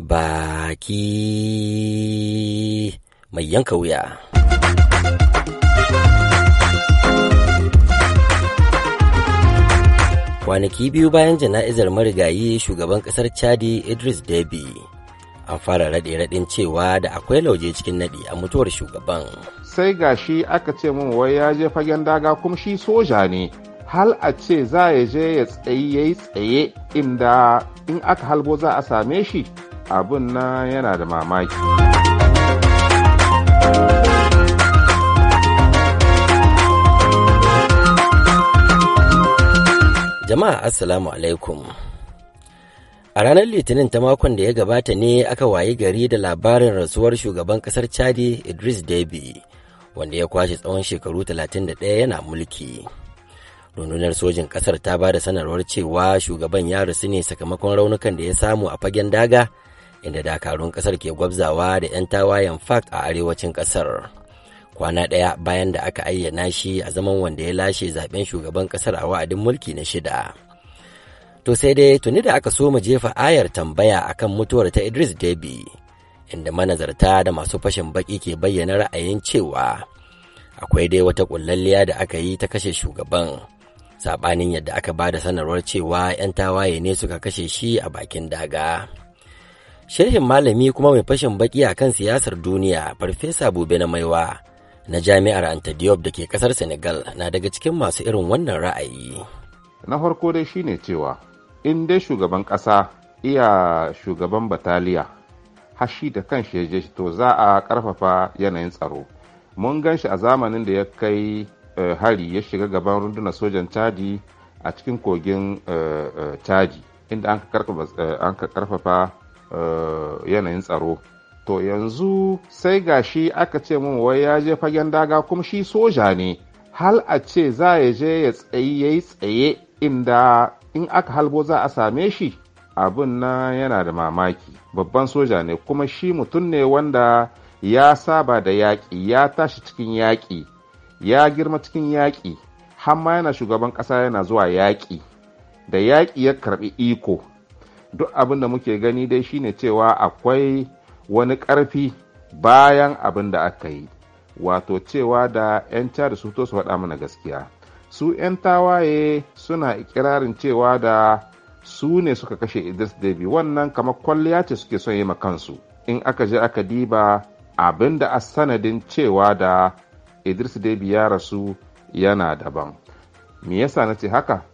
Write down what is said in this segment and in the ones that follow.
baki mai yanka wuya. Kwanaki biyu bayan jana'izar marigayi shugaban ƙasar Chadi Idris Deby an fara raɗe-raɗin cewa da akwai lauje cikin naɗi a mutuwar shugaban. Sai gashi aka ce min wai ya je fagen daga kuma shi soja ne. hal a ce za ya je ya tsaye tsaye inda in aka halbo za a same shi abun na yana da mamaki jama'a assalamu alaikum a ranar litinin ta makon da ya gabata ne aka wayi gari da labarin rasuwar shugaban kasar chadi idris deby wanda ya kwashe tsawon shekaru 31 yana mulki rundunar sojin kasar ta ba da sanarwar cewa shugaban ya rasu ne sakamakon raunukan da ya samu a fagen daga inda dakarun kasar ke gwabzawa da 'yan tawayen Fak a arewacin kasar kwana ɗaya bayan da aka ayyana shi a zaman wanda ya lashe zaben shugaban kasar a wa'adin mulki na shida to sai dai tuni da aka so mu jefa ayar tambaya akan mutuwar ta idris debi inda manazarta da masu fashin baki ke bayyana ra'ayin cewa akwai dai wata ƙullalliya da aka yi ta kashe shugaban saɓanin yadda aka ba da sanarwar cewa 'yan tawaye ne suka kashe shi a bakin daga. sharhin malami kuma mai fashin baki a kan siyasar duniya Farfesa Bube na Maiwa na Jami'ar antediop da ke kasar Senegal na daga cikin masu irin wannan ra'ayi. Na farko dai shine cewa in dai shugaban ƙasa iya shugaban bataliya hashi da kan shi je to za a ƙarfafa yanayin tsaro. Mun gan shi a zamanin da ya kai eh, hari ya shiga gaban rundunar sojan Chadi a cikin kogin eh, eh, Chadi inda an karfafa Eh, yanayin tsaro to yanzu sai ga shi aka ce min wai ya je fagen daga kuma shi soja ne hal a ce za ya je ya tsaye ya tsaye inda in aka halbo za a same shi abin na yana da mamaki babban soja ne kuma shi mutum ne wanda ya saba da yaƙi ya tashi cikin yaƙi ya girma cikin yaƙi har ma yana shugaban ƙasa yana zuwa yaƙi da yaƙi ya karɓi iko duk abin da muke gani dai shine cewa akwai wani karfi bayan abin da aka yi wato cewa da 'yan da su to su faɗa mana gaskiya su 'yan tawaye suna ikirarin cewa da su ne suka kashe idris debi wannan kamar kwalliya ce suke son yi kansu in aka je aka diba abin da a sanadin cewa da idris debi ya rasu yana daban me yasa na ce haka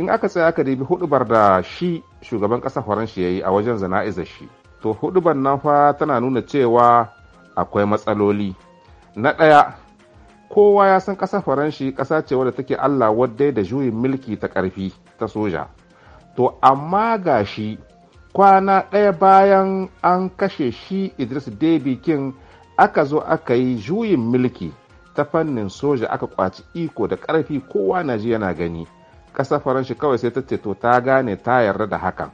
in aka tsaya aka dubi hudubar da shi shugaban ƙasar faransa ya yi a wajen zana'izar shi to hudubar nan fa tana nuna cewa akwai matsaloli na ɗaya kowa ya san ƙasar faranshi ƙasa ce wadda take allah waddai da juyin mulki ta ƙarfi ta soja to amma ga shi kwana ɗaya bayan an kashe shi idris debi king aka zo aka yi juyin mulki ta fannin soja aka kwaci iko da ƙarfi kowa na ji yana gani ƙasar faranshi kawai sai ta ce to ta gane ta yarda da hakan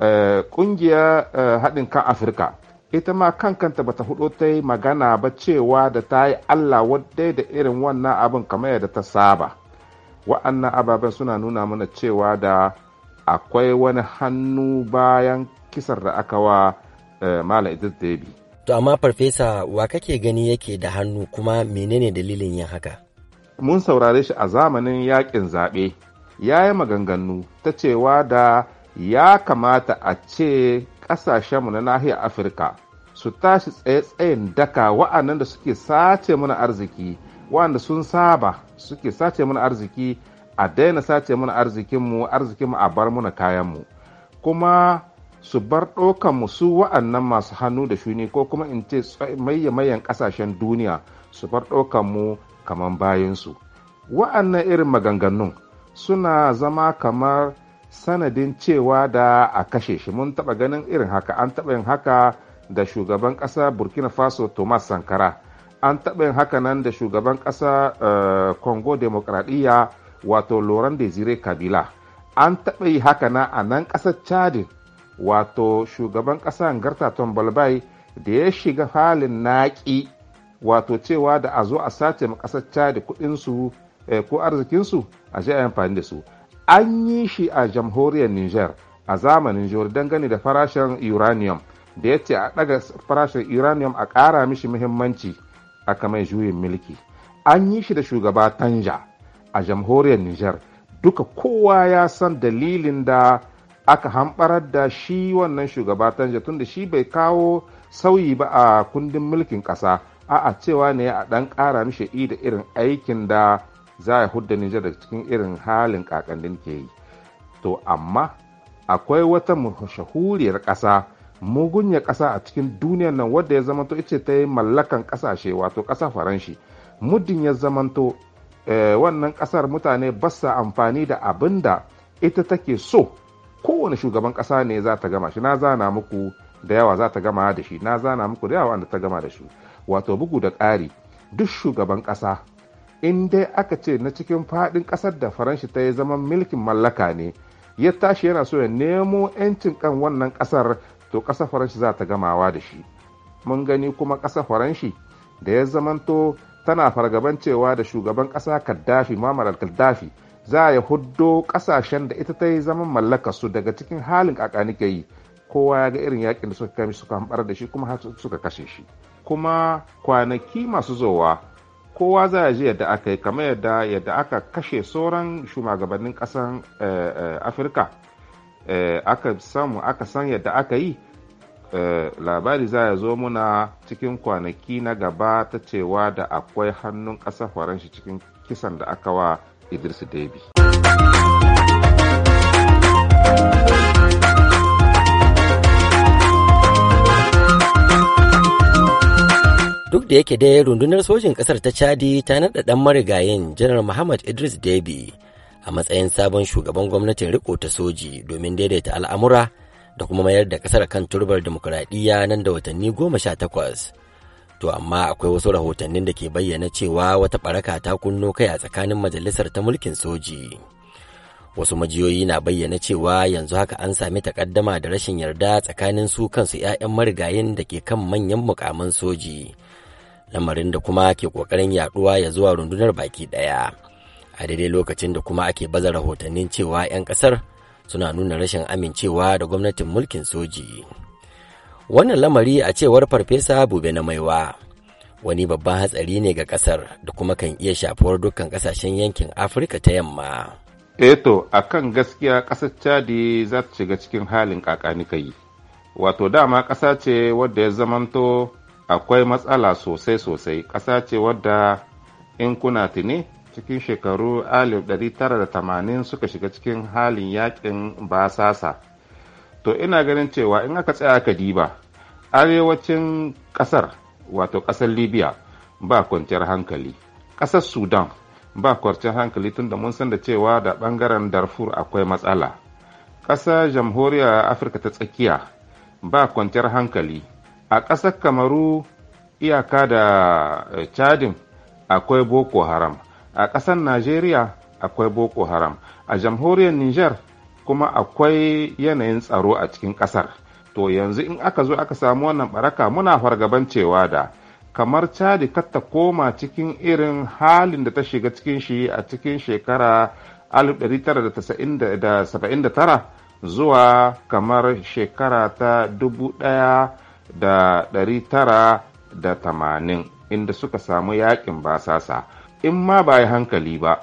eh, ƙungiyar eh, haɗin kan afirka ita ma kankanta kanta ta hudu ta yi magana ba cewa da ta yi allah wadda da irin wannan abin kamar yadda ta saba wa'annan ababen suna nuna mana cewa da akwai wani hannu bayan kisar da aka wa eh, mala idris debi to amma farfesa wa kake gani yake da hannu kuma menene dalilin yin haka mun saurare shi a zamanin yakin zaɓe ya yi maganganu ta cewa da ya kamata a ce kasashenmu na nahiyar afirka su tashi tsaye-tsayen daka wa'annan da suke sace mana arziki wa'anda sun saba suke sace mana arziki a daina sace mana arzikinmu arzikinmu a bar mana kayanmu kuma su bar ɗaukanmu su wa'annan masu hannu da shuni ko kuma in ce maye-mayen ƙasashen duniya su bar ɗaukanmu kamar bayansu wa'annan irin maganganun suna zama kamar sanadin cewa da a kashe shi mun taɓa ganin irin haka an taɓa yin haka da shugaban ƙasa burkina faso thomas sankara an taɓa yin haka nan da shugaban ƙasa eh, congo demokradiyya wato laurent desire kabila an taɓa yi haka na a nan ƙasar chadin wato shugaban ƙasa garta balbai da ya shiga halin naƙi wato cewa da a zo a sace ma ƙasar chadi kuɗinsu Eh, ko arzikinsu a je amfani da su an yi shi a jamhuriyar niger a zamanin jihar dangane da farashin uranium da ya ce a daga farashin uranium a ƙara mishi muhimmanci aka kamar juyin milki an yi shi da shugaba tanja a jamhuriyar niger duka kowa ya san dalilin da aka hamɓarar da shi wannan shugaba tanja tunda shi bai kawo sauyi ba a kundin mulkin ƙasa a'a cewa ne a ɗan ƙara mishi da irin aikin da za a hudda Nijar daga cikin irin halin kakannin ke yi to amma akwai wata shahuriyar ƙasa mugunya ƙasa a cikin duniyar nan wadda ya zamanto ita ta yi mallakan ƙasashe wato ƙasa faranshi muddin ya zamanto eh, wannan ƙasar mutane basa amfani da abin da ita take so kowane shugaban ƙasa ne za ta gama shi na zana muku da yawa za ta gama da shi na zana muku da yawa wanda ta gama da shi wato bugu da ƙari duk shugaban ƙasa in dai aka ce na cikin faɗin ƙasar da faranshi ta yi zaman milkin mallaka ne ya tashi yana so ya nemo 'yancin kan wannan ƙasar to ƙasar faranshi za ta gamawa da shi mun gani kuma ƙasar faranshi da ya zamanto tana fargaban cewa da shugaban ƙasa kaddafi mamar kaddafi za ya huddo ƙasashen da ita ta yi zaman mallaka su daga cikin halin ƙaƙanike yi kowa ya ga irin yakin da suka kame suka hambar da shi kuma suka kashe shi kuma kwanaki masu zowa kowa za a ji yadda aka yi kamar yadda yadda aka kashe sauran shugabannin ƙasan eh, eh, afirka eh, aka samu aka san yadda aka yi labari za ya zo muna cikin kwanaki na gaba ta cewa da akwai hannun ƙasar faranshi cikin kisan da aka wa idris debi duk da yake dai rundunar sojin ƙasar ta chadi ta naɗa ɗan marigayin janar muhammad idris debi a matsayin sabon shugaban gwamnatin riko ta soji domin daidaita al'amura da kuma mayar da ƙasar kan turbar demokuraɗiyya nan da watanni goma sha takwas to amma akwai wasu rahotannin da ke bayyana cewa wata ɓaraka ta kunno kai a tsakanin majalisar ta mulkin soji wasu majiyoyi na bayyana cewa yanzu haka an sami takaddama da rashin yarda tsakanin su kansu 'ya'yan marigayin da ke kan manyan mukaman soji lamarin da kuma ke ƙoƙarin yaɗuwa ya zuwa rundunar baki ɗaya a daidai lokacin da kuma ake baza rahotannin cewa 'yan ƙasar suna nuna rashin amincewa da gwamnatin mulkin soji wannan lamari a cewar farfesa bube na maiwa wani babban hatsari ne ga ƙasar da kuma kan iya shafuwar dukkan ƙasashen yankin afirka ta yamma eto eh a kan gaskiya ƙasar chadi za ta shiga cikin halin kakani wato dama ƙasa ce wadda ya zamanto akwai matsala sosai sosai ƙasa ce wadda in kuna tuni cikin shekaru 1980 suka shiga cikin halin yakin basasa to ina ganin cewa in aka tsaya aka diba arewacin ƙasar wato ƙasar libya ba kwanciyar hankali ƙasar sudan ba kwanciyar hankali tunda mun san da cewa da ɓangaren darfur akwai matsala ƙasar jamhuriyar afirka ta tsakiya ba kwanciyar hankali a ƙasar kamaru iyaka da eh, chadin akwai boko haram a ƙasar najeriya akwai boko haram a jamhuriyar niger kuma akwai yanayin tsaro a cikin ƙasar to yanzu in aka zo aka samu wannan baraka muna fargaban cewa da kamar chadi kar ta koma cikin irin halin da ta shiga cikin shi a cikin shekara 1979 zuwa kamar shekara ta da ɗari tara da tamanin inda suka samu yakin basasa in ma ba yi hankali ba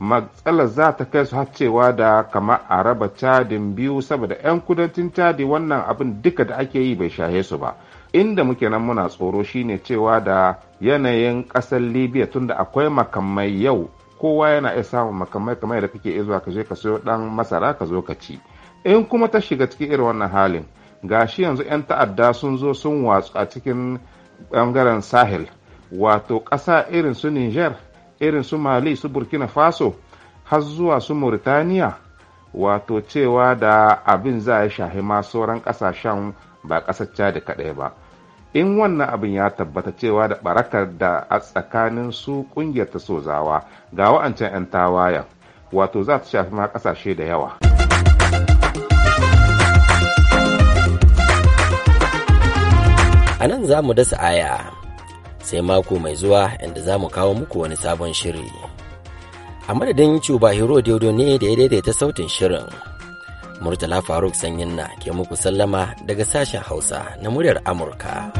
matsalar za ta kai su cewa da kama a raba cadin biyu saboda 'yan kudancin cadi wannan abin duka da ake yi bai shahe su ba inda muke nan muna tsoro shine cewa da yanayin ƙasar libya tunda akwai makamai yau kowa yana iya samun makamai kamar da kake iya zuwa ka je ka sayo dan masara ka zo ka ci in kuma ta shiga cikin irin wannan halin gashi yanzu 'yan ta'adda sun zo sun watsu a cikin bangaren sahel wato ƙasa irin su niger irin su mali su burkina faso har zuwa su mauritaniya wato cewa da abin za a shahi ma sauran ƙasashen ba ƙasar da kaɗai ba in wannan abin ya tabbata cewa da barakar da a tsakanin su ƙungiyar ta sozawa ga wa'ancan 'yan tawayan wato za ta shafi ma ƙasashe da yawa. a nan za mu dasa aya sai mako mai zuwa inda za mu kawo muku wani sabon shiri a madadin cuba hero diodo ne da ya daidaita sautin shirin murtala faruk sanyin na ke muku sallama daga sashen hausa na muryar amurka